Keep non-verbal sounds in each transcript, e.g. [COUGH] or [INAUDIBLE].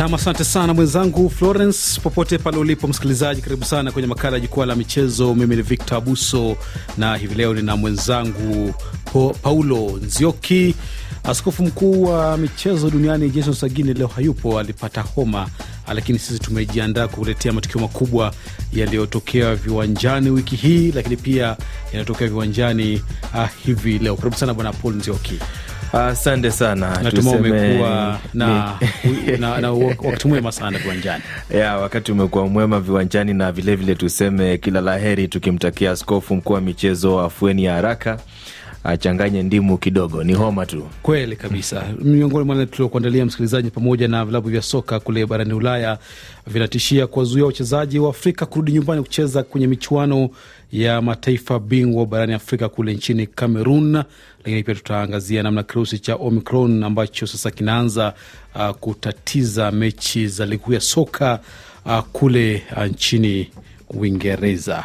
Nam, asante sana mwenzangu Florence, popote pale ulipo msikilizaji, karibu sana kwenye makala ya jukwaa la michezo. Mimi ni Victor Abuso na hivi leo nina mwenzangu Paulo Nzioki. Askofu mkuu wa michezo duniani Jason Sagini leo hayupo, alipata homa, lakini sisi tumejiandaa kukuletea matukio makubwa yaliyotokea viwanjani wiki hii, lakini pia yanayotokea viwanjani ah, hivi leo. Karibu sana bwana Paul Nzioki. Asante sana. Natumai umekuwa na, na, na wakati mwema sana viwanjani. [LAUGHS] Ya, wakati umekuwa mwema viwanjani na vilevile vile tuseme kila laheri tukimtakia askofu mkuu wa michezo afueni ya haraka achanganye ndimu kidogo, ni homa tu. Kweli kabisa. Miongoni mwa tuliokuandalia msikilizaji, pamoja na vilabu vya soka kule barani Ulaya vinatishia kuwazuia wachezaji wa Afrika kurudi nyumbani kucheza kwenye michuano ya mataifa bingwa barani Afrika kule nchini Cameroon. Lakini pia tutaangazia namna kirusi cha Omicron ambacho sasa kinaanza uh, kutatiza mechi za ligi kuu ya soka uh, kule uh, nchini Uingereza.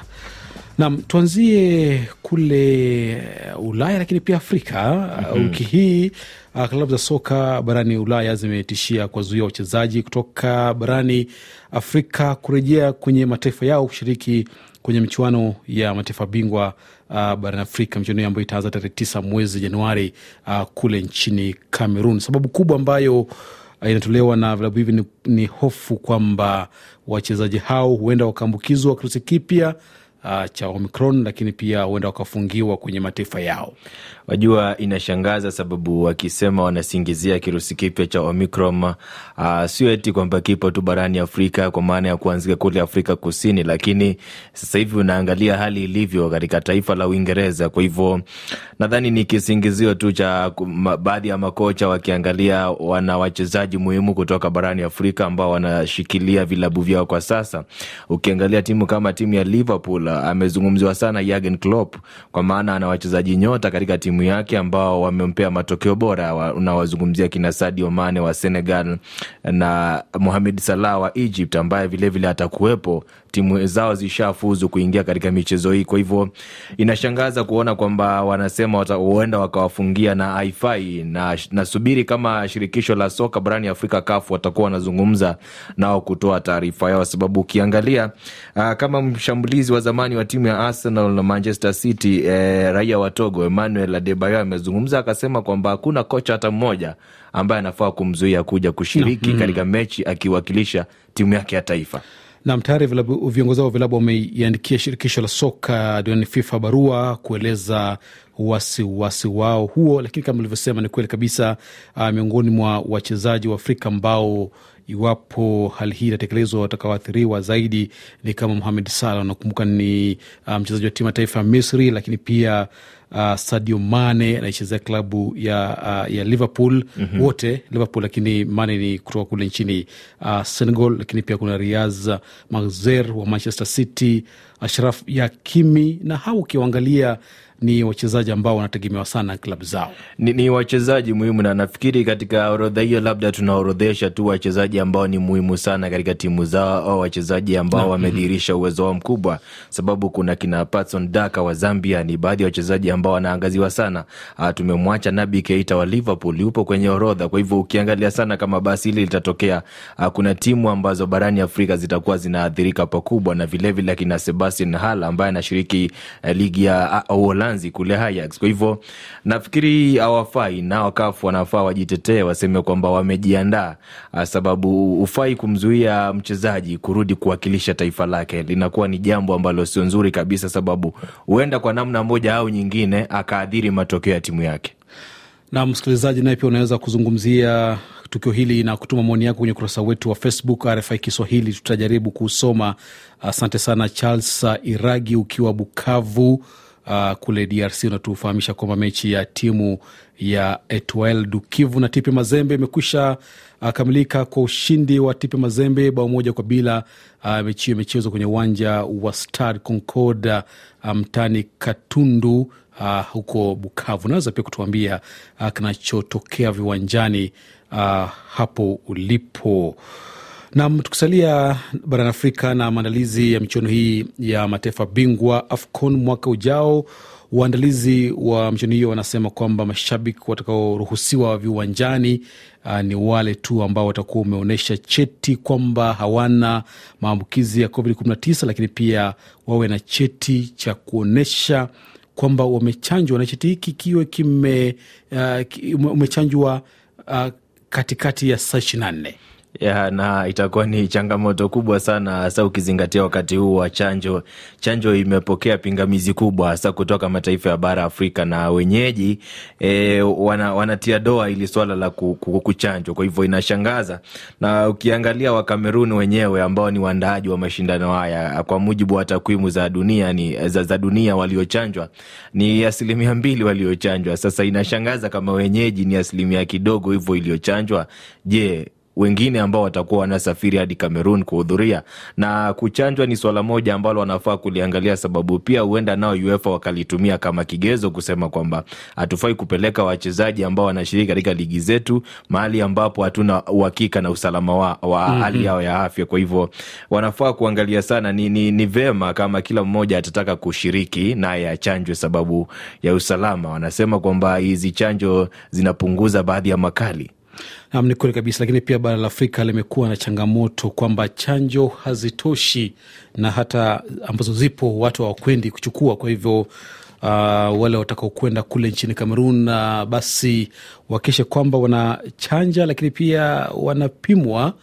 Nam, tuanzie kule uh, Ulaya lakini pia Afrika. mm -hmm. Wiki hii uh, klabu za soka barani Ulaya zimetishia kuwazuia wachezaji kutoka barani Afrika kurejea kwenye mataifa yao kushiriki kwenye michuano ya mataifa bingwa uh, barani Afrika, michuano hiyo ambayo itaanza tarehe tisa mwezi Januari uh, kule nchini Cameroon. Sababu kubwa ambayo uh, inatolewa na vilabu hivi ni, ni hofu kwamba wachezaji hao huenda wakaambukizwa kirusi kipya Uh, cha Omicron, lakini pia huenda wakafungiwa kwenye mataifa yao. Wajua, inashangaza sababu wakisema wanasingizia kirusi kipya cha Omicron, uh, sio eti kwamba kipo tu barani Afrika kwa maana ya kuanzika kule Afrika Kusini, lakini sasa hivi unaangalia hali ilivyo katika taifa la Uingereza. Kwa hivyo nadhani ni kisingizio tu cha baadhi ya makocha wakiangalia wana wachezaji muhimu kutoka barani Afrika ambao wanashikilia vilabu vyao kwa sasa. Ukiangalia timu kama timu ya Liverpool, ah, amezungumziwa sana Jurgen Klopp kwa maana ana wachezaji nyota katika timu timu yake ambao wamempea matokeo bora. Unawazungumzia kina Sadio Mane wa Senegal na Mohamed Salah wa Egypt ambaye vilevile atakuwepo timu zao zishafuzu kuingia katika michezo hii. Kwa hivyo inashangaza kuona kwamba wanasema huenda wakawafungia na haifai, na nasubiri kama shirikisho la soka barani Afrika CAF watakuwa wanazungumza nao kutoa taarifa yao, sababu ukiangalia uh, kama mshambulizi wa zamani wa timu ya Arsenal na Manchester City eh, raia wa Togo Emmanuel Adebayo amezungumza akasema kwamba hakuna kocha hata mmoja ambaye anafaa kumzuia kuja kushiriki mm -hmm. katika mechi akiwakilisha timu yake ya taifa. Nam, tayari viongozi hao vilabu wameiandikia shirikisho la soka duniani FIFA barua kueleza wasiwasi wao huo, lakini kama ulivyosema, ni kweli kabisa, ah, miongoni mwa wachezaji wa Afrika ambao Iwapo hali hii itatekelezwa, watakaoathiriwa zaidi ni kama Mohamed Salah, unakumbuka ni uh, mchezaji um, wa timu ya taifa ya Misri, lakini pia uh, Sadio Mane anaichezea klabu ya, uh, ya Liverpool mm-hmm. wote Liverpool, lakini Mane ni kutoka kule nchini uh, Senegal, lakini pia kuna Riaz Mahrez wa Manchester City, Ashraf Hakimi na hao ukiwaangalia ni wachezaji ambao wanategemewa sana na klabu zao. Ni, ni wachezaji muhimu, na nafikiri katika orodha hiyo labda tunaorodhesha tu wachezaji ambao ni muhimu sana katika timu zao au wachezaji ambao wamedhihirisha mm-hmm. uwezo wao mkubwa, sababu kuna kina Patson Daka wa Zambia, ni baadhi ya wachezaji ambao wanaangaziwa sana. Ah, tumemwacha Nabi Keita wa Liverpool, yupo kwenye orodha. Kwa hivyo ukiangalia sana, kama basi hili litatokea, ah, kuna timu ambazo barani Afrika zitakuwa zinaathirika pakubwa, na vilevile akina Sebastian hal ambaye anashiriki eh, ligi ya ah, Uholanzi Uholanzi kule Ajax. Kwa hivyo nafikiri hawafai na wakafu wanafaa wajitetee, waseme kwamba wamejiandaa, ah, sababu ufai kumzuia mchezaji kurudi kuwakilisha taifa lake. Linakuwa ni jambo ambalo sio nzuri kabisa, sababu huenda kwa namna moja au nyingine akaadhiri matokeo ya timu yake. Na msikilizaji, naye pia unaweza kuzungumzia tukio hili na kutuma maoni yako kwenye ukurasa wetu wa Facebook RFI Kiswahili, tutajaribu kusoma. Asante sana Charles Iragi ukiwa Bukavu uh, kule DRC unatufahamisha kwamba mechi ya timu ya Etoile du Kivu na tipe Mazembe imekwisha uh, kamilika kwa ushindi wa tipe Mazembe bao moja kwa bila. Uh, mechi hiyo imechezwa kwenye uwanja wa Stade Concord uh, mtaani um, Katundu uh, huko Bukavu. Unaweza pia kutuambia uh, kinachotokea viwanjani uh, hapo ulipo. Nam, tukisalia barani Afrika na maandalizi ya michuano hii ya mataifa bingwa AFCON mwaka ujao, waandalizi wa michuano hiyo wanasema kwamba mashabiki watakaoruhusiwa viwanjani uh, ni wale tu ambao watakuwa wameonyesha cheti kwamba hawana maambukizi ya COVID-19, lakini pia wawe na cheti cha kuonyesha kwamba wamechanjwa, na cheti hiki kiwe kime, uh, umechanjwa uh, katikati ya saa ishirini na nne. Yeah, na itakuwa ni changamoto kubwa sana hasa ukizingatia wakati huu wa chanjo. Chanjo imepokea pingamizi kubwa hasa kutoka mataifa ya bara Afrika na wenyeji e, wana, wanatia doa ili swala la kuchanjwa, kwa hivyo inashangaza. Na ukiangalia Wakameruni wenyewe ambao ni waandaaji wa mashindano haya, kwa mujibu wa takwimu za dunia ni, za, za dunia waliochanjwa ni asilimia mbili waliochanjwa. Sasa inashangaza kama wenyeji ni asilimia kidogo hivyo iliyochanjwa. Je, wengine ambao watakuwa wanasafiri hadi Cameroon kuhudhuria. Na kuchanjwa ni swala moja ambalo wanafaa kuliangalia, sababu pia huenda nao UEFA wakalitumia kama kigezo kusema kwamba hatufai kupeleka wachezaji ambao wanashiriki katika ligi zetu mahali ambapo hatuna uhakika na usalama wa, wa mm-hmm. hali yao ya afya. Kwa hivyo wanafaa kuangalia sana. Ni, ni, ni vema kama kila mmoja atataka kushiriki naye achanjwe sababu ya usalama. Wanasema kwamba hizi chanjo zinapunguza baadhi ya makali nam ni kweli kabisa, lakini pia bara la Afrika limekuwa na changamoto kwamba chanjo hazitoshi na hata ambazo zipo watu hawakwendi kuchukua. Kwa hivyo uh, wale watakaokwenda kule nchini Kamerun uh, basi wakishe kwamba wanachanja, lakini pia wanapimwa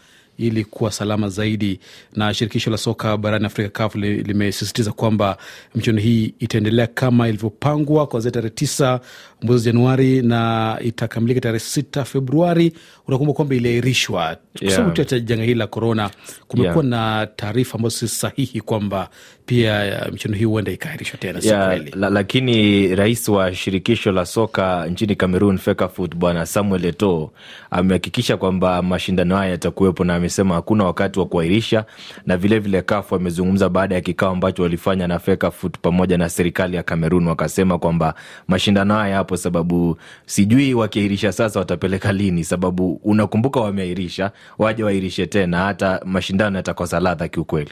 ili kuwa salama zaidi. Na shirikisho la soka barani Afrika CAF limesisitiza kwamba michuano hii itaendelea kama ilivyopangwa kuanzia tarehe tisa mwezi Januari na itakamilika tarehe sita Februari. Unakumbuka kwamba iliahirishwa kwa sababu yeah. tu ya janga hili la korona. Kumekuwa yeah. na taarifa ambazo si sahihi kwamba pia uh, michuano hii huenda ikaahirishwa tena, yeah, kweli la, lakini rais wa shirikisho la soka nchini Cameroon, Fecafoot, Bwana Samuel Eto'o amehakikisha kwamba mashindano haya yatakuwepo na ame amesema hakuna wakati wa kuahirisha, na vilevile kafu wamezungumza baada ya kikao ambacho walifanya na FECAFOOT pamoja na serikali ya Kamerun, wakasema kwamba mashindano haya yapo sababu sijui wakiahirisha sasa watapeleka lini, sababu unakumbuka wameahirisha, waje waahirishe tena, hata mashindano yatakosa ladha kiukweli.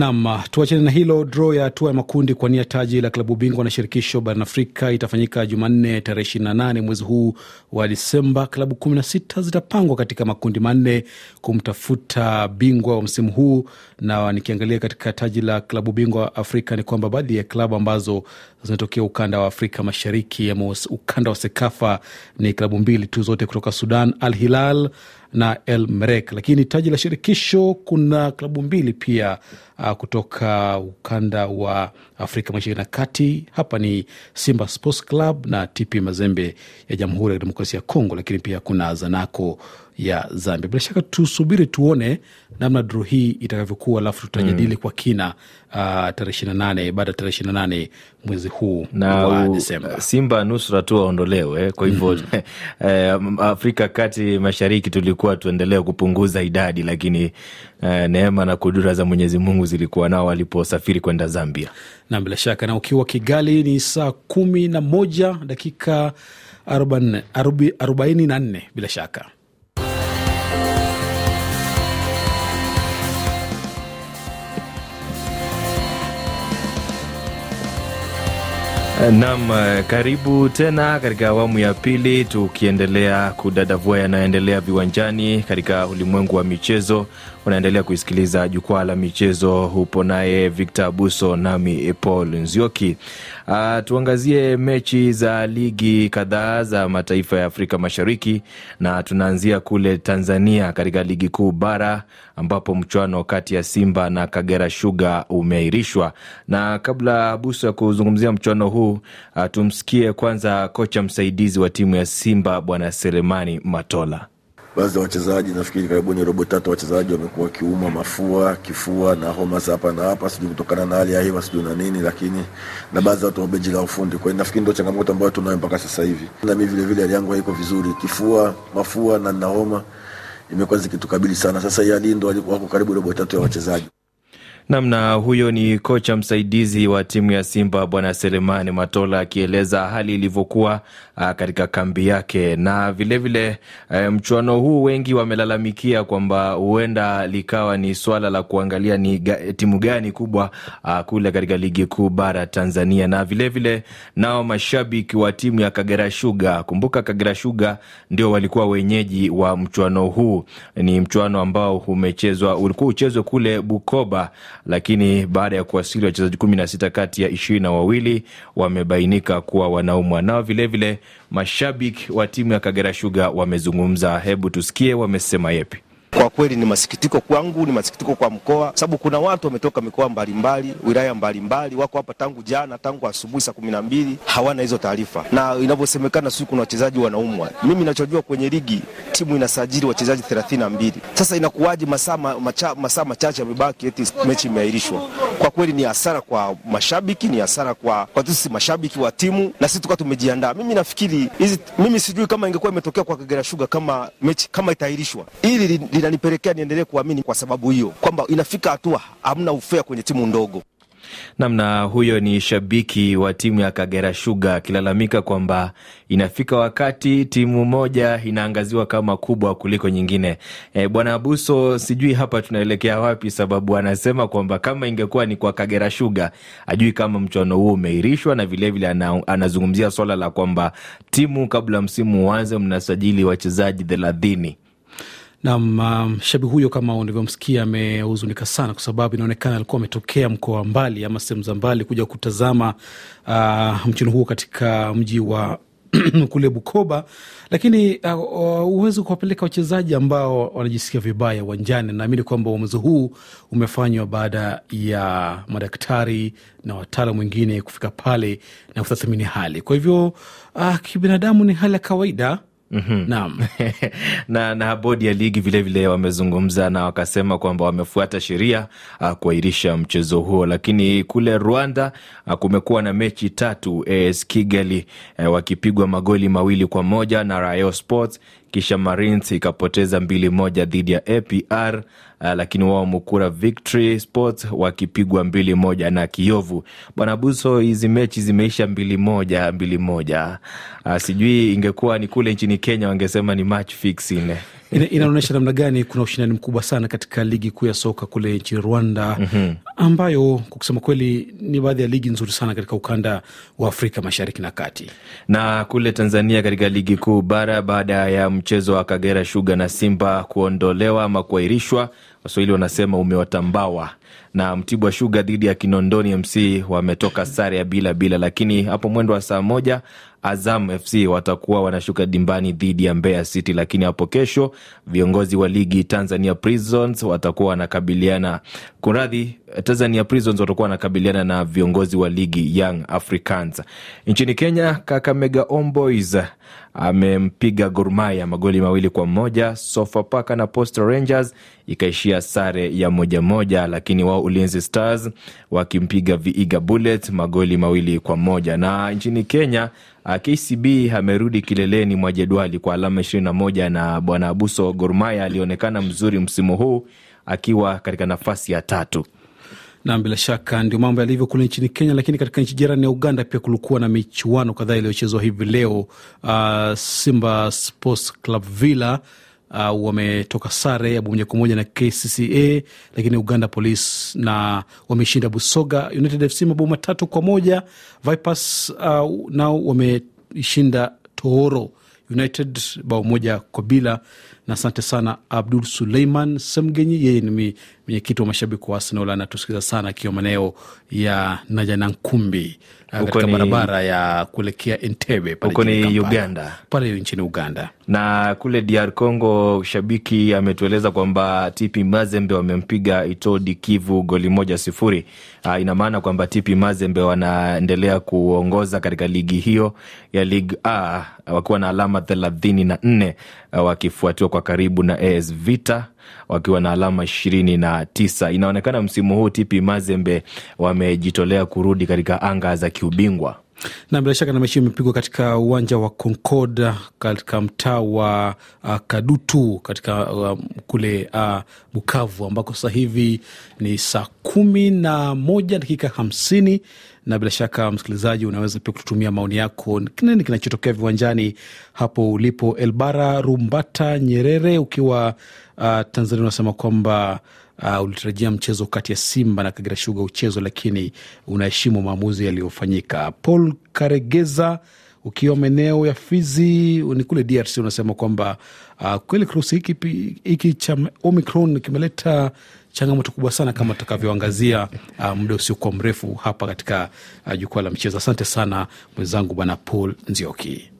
Nam, tuachane na hilo. Draw ya hatua ya makundi kwa nia taji la klabu bingwa na shirikisho barani Afrika itafanyika Jumanne tarehe 28 mwezi huu wa Disemba. Klabu 16 zitapangwa katika makundi manne kumtafuta bingwa wa msimu huu, na nikiangalia katika taji la klabu bingwa Afrika ni kwamba baadhi ya klabu ambazo zinatokea ukanda wa Afrika Mashariki ama ukanda wa Sekafa ni klabu mbili tu, zote kutoka Sudan, Al Hilal na El Merrek. Lakini taji la shirikisho kuna klabu mbili pia uh, kutoka ukanda wa Afrika Mashariki na Kati. Hapa ni Simba Sports Club na TP Mazembe ya Jamhuri ya Kidemokrasia ya Kongo, lakini pia kuna Zanaco ya Zambia. Bila shaka tusubiri tuone namna dro hii itakavyokuwa, alafu tutajadili mm. kwa kina uh, tarehe ishirini na nane baada ya tarehe ishirini na nane mwezi huu na wa Desemba. Simba nusra tu waondolewe, kwa hivyo mm. [LAUGHS] eh, Afrika kati mashariki tulikuwa tuendelea kupunguza idadi, lakini eh, neema na kudura za Mwenyezi Mungu zilikuwa nao waliposafiri kwenda Zambia. Na bila shaka na ukiwa Kigali ni saa kumi na moja dakika arobaini na nne bila shaka nam karibu tena katika awamu ya pili, tukiendelea kudadavua yanayoendelea viwanjani katika ulimwengu wa michezo, Unaendelea kuisikiliza jukwaa la michezo, hupo naye victo Abuso nami eh, Paul Nzioki. Uh, tuangazie mechi za ligi kadhaa za mataifa ya Afrika Mashariki na tunaanzia kule Tanzania katika ligi kuu bara ambapo mchwano kati ya Simba na Kagera shuga umeairishwa Na kabla Abuso ya kuzungumzia mchwano huu, uh, tumsikie kwanza kocha msaidizi wa timu ya Simba Bwana Selemani Matola baadhi ya wachezaji nafikiri karibuni robo tatu wachezaji wamekuwa wakiumwa mafua, kifua na homa za hapa na hapa, sijui kutokana na hali ya hewa sijui na nini, lakini na baadhi ya watu wabeji la ufundi. Kwa hiyo nafikiri ndio changamoto ambayo tunayo mpaka sasa hivi. Na mimi vile vile hali yangu haiko vizuri, kifua, mafua na na homa imekuwa zikitukabili sana. Sasa hii hali ndio wako karibu robo tatu ya wachezaji. Namna huyo ni kocha msaidizi wa timu ya Simba Bwana Selemani Matola akieleza hali ilivyokuwa ah, katika kambi yake, na vilevile vile, eh, mchuano huu wengi wamelalamikia kwamba huenda likawa ni swala la kuangalia ni ga, timu gani kubwa ah, kule katika ligi kuu bara Tanzania, na vilevile vile, nao mashabiki wa timu ya Kagera Sugar, kumbuka Kagera Sugar ndio walikuwa wenyeji wa mchuano huu. Ni mchuano ambao umechezwa ulikuwa uchezwe kule Bukoba lakini baada ya kuwasili wachezaji kumi na sita kati ya ishirini na wawili wamebainika kuwa wanaumwa. Nao vilevile mashabiki wa timu ya Kagera shuga wamezungumza. Hebu tusikie wamesema yepi. Kwa kweli ni masikitiko kwangu, ni masikitiko kwa mkoa, sababu kuna watu wametoka mikoa mbalimbali, wilaya mbalimbali, wako hapa tangu jana, tangu asubuhi saa kumi na mbili, hawana hizo taarifa, na inavyosemekana sijui kuna wachezaji wanaumwa. Mimi nachojua kwenye ligi timu inasajili wachezaji thelathini na mbili. Sasa inakuwaje masaa masaa machache yamebaki, eti mechi imeahirishwa? Kwa kweli ni hasara kwa mashabiki, ni hasara kwa, kwa sisi mashabiki wa timu, na sisi tukawa tumejiandaa. Mimi nafikiri hizi, mimi sijui kama ingekuwa imetokea kwa Kagera Sugar kama mechi kama itaahirishwa ili linanipelekea niendelee kuamini kwa sababu hiyo kwamba inafika hatua hamna ufea kwenye timu ndogo namna huyo ni shabiki wa timu ya Kagera shuga akilalamika kwamba inafika wakati timu moja inaangaziwa kama kubwa kuliko nyingine. E, Bwana Abuso, sijui hapa tunaelekea wapi, sababu anasema kwamba kama ingekuwa ni kwa Kagera shuga ajui kama mchuano huo umeirishwa, na vilevile vile anazungumzia swala la kwamba timu kabla msimu uanze mnasajili wachezaji thelathini Nam um, shabi huyo kama ulivyomsikia amehuzunika sana, kwa sababu inaonekana alikuwa ametokea mkoa wa mbali ama sehemu za mbali kuja kutazama uh, mchino huo katika mji wa [CLEARS THROAT] kule Bukoba, lakini uh, huwezi uh, kuwapeleka wachezaji ambao wanajisikia vibaya uwanjani. Naamini kwamba uamuzi huu umefanywa baada ya madaktari na wataalam wengine kufika pale na kutathmini hali. Kwa hivyo uh, kibinadamu ni hali ya kawaida Mm -hmm. Naam. [LAUGHS] na na bodi ya ligi vilevile wamezungumza na wakasema kwamba wamefuata sheria ah, kuahirisha mchezo huo, lakini kule Rwanda ah, kumekuwa na mechi tatu AS eh, Kigali eh, wakipigwa magoli mawili kwa moja na Rayo Sports kisha Marines ikapoteza mbili moja dhidi ya APR, uh, lakini wao Mukura Victory Sports wakipigwa mbili moja na Kiovu. Bwana Buso, hizi mechi zimeisha mbili moja mbili moja. Uh, sijui ingekuwa ni kule nchini Kenya wangesema ni match fixing ina, inaonyesha namna gani kuna ushindani mkubwa sana katika ligi kuu ya soka kule nchini Rwanda mm-hmm. ambayo kwa kusema kweli ni baadhi ya ligi nzuri sana katika ukanda wa Afrika Mashariki na Kati. Na kule Tanzania katika ligi kuu bara, baada ya mchezo wa Kagera shuga na Simba kuondolewa ama kuairishwa Waswahili wanasema umewatambawa na Mtibwa Shuga dhidi ya Kinondoni MC wametoka sare ya bila bila, lakini hapo mwendo wa saa moja Azam FC watakuwa wanashuka dimbani dhidi ya Mbeya City, lakini hapo kesho viongozi wa ligi Tanzania Prisons watakuwa wanakabiliana Kunradhi, Tanzania Prisons watakuwa wanakabiliana na viongozi wa ligi Young Africans. Nchini Kenya, Kakamega omboys amempiga gormaya magoli mawili kwa moja. paka na Posta Rangers ikaishia sare ya moja moja, lakini wao Ulinzi Stars wakimpiga viiga bullet magoli mawili kwa moja. Na nchini Kenya, KCB amerudi kileleni mwa jedwali kwa alama 21 na bwana Abuso gormaya alionekana mzuri msimu huu akiwa katika nafasi ya tatu. Nam, bila shaka ndio mambo yalivyo kule nchini Kenya, lakini katika nchi jirani ya Uganda pia kulikuwa na michuano kadhaa iliyochezwa hivi leo. Uh, Simba Sports Club Villa uh, wametoka sare ya moja kwa moja na KCCA, lakini Uganda Police na wameshinda Busoga United FC mabao matatu kwa moja. Vipers uh, nao wameshinda Tooro United bao moja kwa bila na asante sana Abdul Suleiman Semgenyi, yeye ni mwenyekiti wa mashabiki wa Arsenal, anatusikiza sana akiwa maeneo ya Najanankumbi uh, katika barabara ya kuelekea Entebbe huko ni Uganda, pale nchini Uganda. Na kule DR Congo shabiki ametueleza kwamba TP Mazembe wamempiga Itodi Kivu goli moja sifuri. Uh, ina maana kwamba TP Mazembe wanaendelea kuongoza katika ligi hiyo ya ligi A wakiwa na alama thelathini na nne Eh, wakifuatiwa kwa karibu na AS Vita wakiwa na alama ishirini na tisa. Inaonekana msimu huu TP Mazembe wamejitolea kurudi katika anga za kiubingwa na bila shaka na mechi imepigwa katika uwanja wa Concord katika mtaa wa uh, Kadutu katika uh, kule uh, Bukavu ambako sasa hivi ni saa kumi na moja dakika hamsini na bila shaka msikilizaji, unaweza pia kututumia maoni yako, nini kinachotokea viwanjani hapo ulipo. Elbara Rumbata Nyerere ukiwa uh, Tanzania unasema kwamba Uh, ulitarajia mchezo kati ya Simba na Kagera shuga uchezo, lakini unaheshimu maamuzi yaliyofanyika. Paul Karegeza ukiwa maeneo ya Fizi ni kule DRC unasema kwamba uh, kweli kirusi hiki cha Omicron kimeleta changamoto kubwa sana kama tutakavyoangazia uh, muda usiokuwa mrefu hapa katika uh, jukwaa la michezo. Asante sana mwenzangu Bwana Paul Nzioki.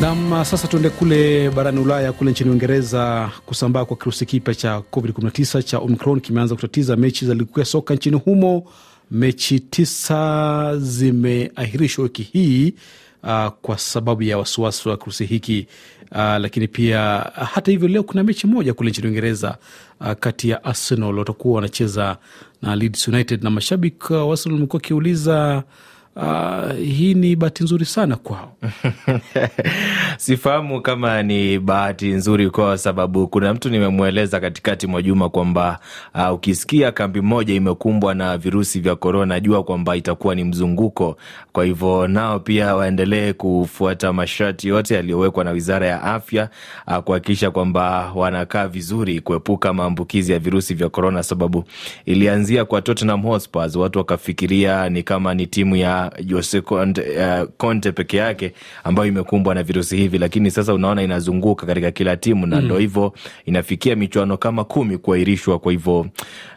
Nam, uh, sasa tuende kule barani Ulaya, kule nchini Uingereza. Kusambaa kwa kirusi kipya cha COVID-19 cha Omicron kimeanza kutatiza mechi za ligi kuu ya soka nchini humo. Mechi tisa zimeahirishwa wiki hii uh, kwa sababu ya wasiwasi wa kirusi hiki uh, lakini pia uh, hata hivyo leo kuna mechi moja kule nchini Uingereza uh, kati ya Arsenal watakuwa wanacheza na Leeds United na mashabiki wa Arsenal wamekuwa wakiuliza Uh, hii ni bahati nzuri sana kwao. [LAUGHS] Sifahamu kama ni bahati nzuri kwao, sababu kuna mtu nimemweleza katikati mwa juma kwamba uh, ukisikia kambi moja imekumbwa na virusi vya korona, jua kwamba itakuwa ni mzunguko. Kwa hivyo nao pia waendelee kufuata masharti yote yaliyowekwa na Wizara ya Afya uh, kuhakikisha kwamba wanakaa vizuri, kuepuka maambukizi ya virusi vya korona, sababu ilianzia kwa Tottenham Hotspur, watu wakafikiria ni kama ni timu ya na Jose Conte peke yake ambayo imekumbwa na virusi hivi, lakini sasa unaona inazunguka katika kila timu na mm. ndo mm. hivyo inafikia michuano kama kumi kuahirishwa. Kwa hivyo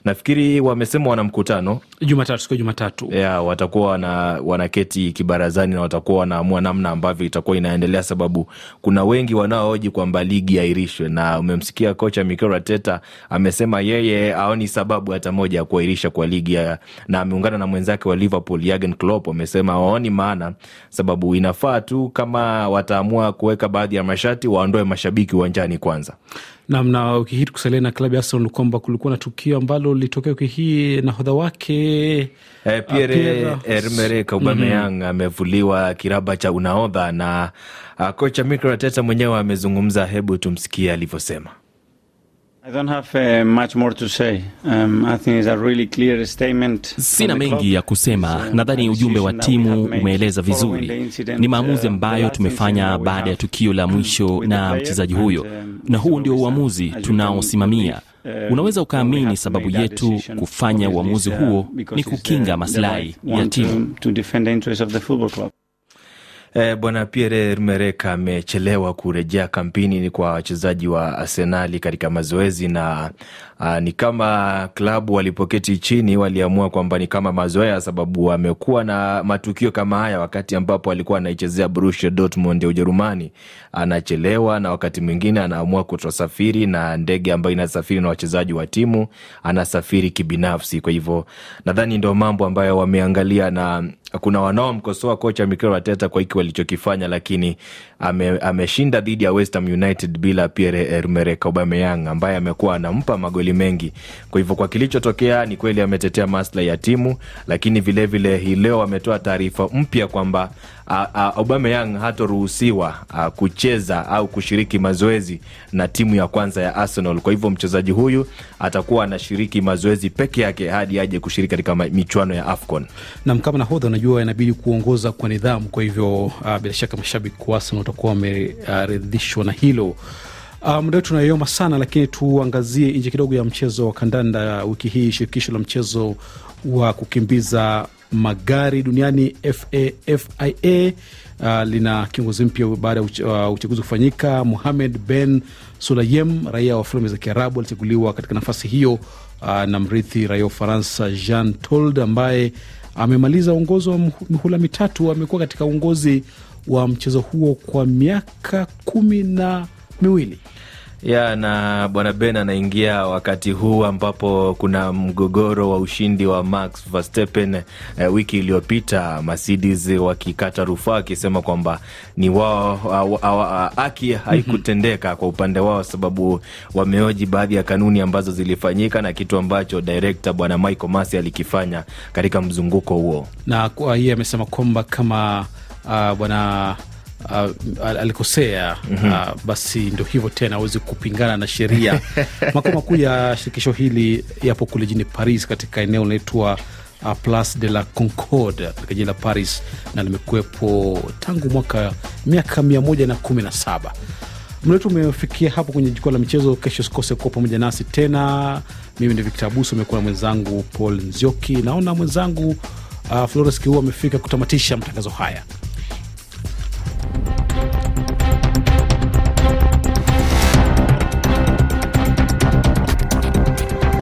nafikiri wamesema wana mkutano Jumatatu, siku ya Jumatatu yeah, watakuwa wana, wanaketi kibarazani na watakuwa wanaamua namna ambavyo itakuwa inaendelea, sababu kuna wengi wanaohoji kwamba ligi airishwe, na umemsikia kocha Mikel Arteta amesema yeye aoni sababu hata moja ya kuairisha kwa ligi ya, na ameungana na mwenzake wa Liverpool Jurgen Klopp wamesema waoni maana, sababu inafaa tu kama wataamua kuweka baadhi ya masharti waondoe mashabiki uwanjani kwanza. namna wiki hii tukusalia na klabu ya Arsenal kwamba kulikuwa na tukio ambalo lilitokea wiki hii, nahodha wake eh, ah, Pierre Emerick mm-hmm. Aubameyang mm -hmm. amevuliwa kiraba cha unaodha na ah, kocha Mikel Arteta mwenyewe amezungumza. Hebu tumsikie alivyosema. Sina mengi ya kusema. Nadhani ujumbe wa timu umeeleza vizuri. Ni maamuzi uh, ambayo tumefanya baada ya tukio la mwisho na mchezaji huyo, uh, na huu ndio uamuzi tunaosimamia. Uh, Unaweza ukaamini sababu yetu kufanya uamuzi huo ni kukinga maslahi ya timu. E, bwana Pierre Mereka amechelewa kurejea kampini kwa wachezaji wa Arsenali katika mazoezi na a, ah, ni kama klabu walipoketi chini waliamua kwamba ni kama mazoea, sababu wamekuwa na matukio kama haya wakati ambapo alikuwa anaichezea Borussia Dortmund ya Ujerumani. Anachelewa na wakati mwingine anaamua kutosafiri na ndege ambayo inasafiri na wachezaji wa timu, anasafiri kibinafsi. Kwa hivyo nadhani ndo mambo ambayo wameangalia na kuna wanaomkosoa kocha Mikel Arteta kwa hiki walichokifanya, lakini ameshinda ame, dhidi ya West Ham United bila Pierre Emerick Aubameyang ambaye amekuwa anampa magoli mengi. Kwa hivyo kwa kilichotokea ni kweli ametetea maslahi ya timu, lakini vilevile hii leo ametoa taarifa mpya kwamba Aubameyang hatoruhusiwa kucheza au kushiriki mazoezi na timu ya kwanza ya Arsenal. Kwa hivyo mchezaji huyu atakuwa anashiriki mazoezi peke yake hadi aje kushiriki katika michuano ya AFCON. Nam, kama nahodha, unajua inabidi kuongoza kwa nidhamu. Kwa hivyo uh, bila shaka mashabiki wa Arsenal watakuwa wameridhishwa na hilo. Ah, muda um, wetu unayoma sana, lakini tuangazie nje kidogo ya mchezo wa kandanda. Wiki hii shirikisho la mchezo wa kukimbiza magari duniani FAFIA uh, ah, lina kiongozi mpya baada ya uh, uchaguzi kufanyika. Muhamed Ben Sulayem, raia wa Falme za Kiarabu, alichaguliwa katika nafasi hiyo uh, na mrithi raia wa Ufaransa Jean Told ambaye amemaliza uongozi wa mihula mitatu. Amekuwa katika uongozi wa mchezo huo kwa miaka kumi na miwili ya na bwana Ben anaingia wakati huu ambapo kuna mgogoro wa ushindi wa Max Verstappen. Eh, wiki iliyopita Mercedes wakikata rufaa wakisema kwamba ni wao haki mhm. haikutendeka kwa upande wao, sababu wameoji baadhi ya kanuni ambazo zilifanyika na kitu ambacho direkta bwana Michael Masi alikifanya katika mzunguko huo, na kwa hiyo amesema kwamba kama uh, bwana Uh, alikosea mm -hmm. Uh, basi ndo hivyo tena, awezi kupingana na sheria. [LAUGHS] Makao makuu ya shirikisho hili yapo kule jini Paris, katika eneo linaitwa uh, Place de la Concorde katika jini la Paris, na limekuwepo tangu mwaka miaka mia moja na kumi na saba. Mletu umefikia hapo kwenye jukwaa la michezo. Kesho sikose kuwa pamoja nasi tena. Mimi ni Victor Abuso, umekuwa na mwenzangu Paul Nzioki. Naona mwenzangu uh, Flores Kiua amefika kutamatisha matangazo haya.